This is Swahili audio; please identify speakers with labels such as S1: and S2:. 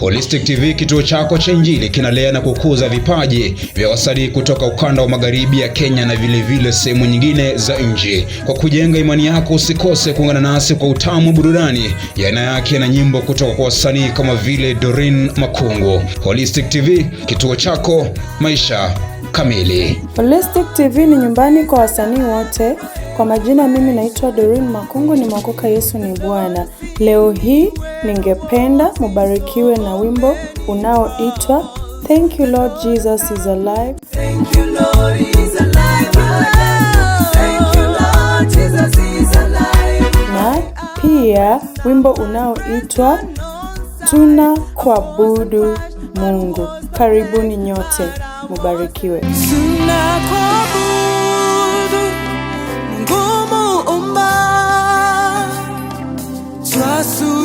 S1: Holistic TV kituo chako cha Injili kinalea na kukuza vipaji vya wasanii kutoka ukanda wa magharibi ya Kenya na vilevile sehemu nyingine za nchi. Kwa kujenga imani yako, usikose kuungana nasi kwa utamu burudani yana yake na nyimbo kutoka kwa wasanii kama vile Doreen Makungu. Holistic TV kituo chako maisha kamili. Holistic TV ni nyumbani kwa wasanii wote kwa majina mimi naitwa Doreen Makungu, nimeokoka. Yesu ni Bwana. Leo hii ningependa mubarikiwe na wimbo unaoitwa Thank you Lord Jesus is alive. Thank you Lord is alive. Thank you Lord Jesus is alive. Na pia wimbo unaoitwa Tuna kuabudu Mungu. Karibuni nyote mubarikiwe. Tuna kuabudu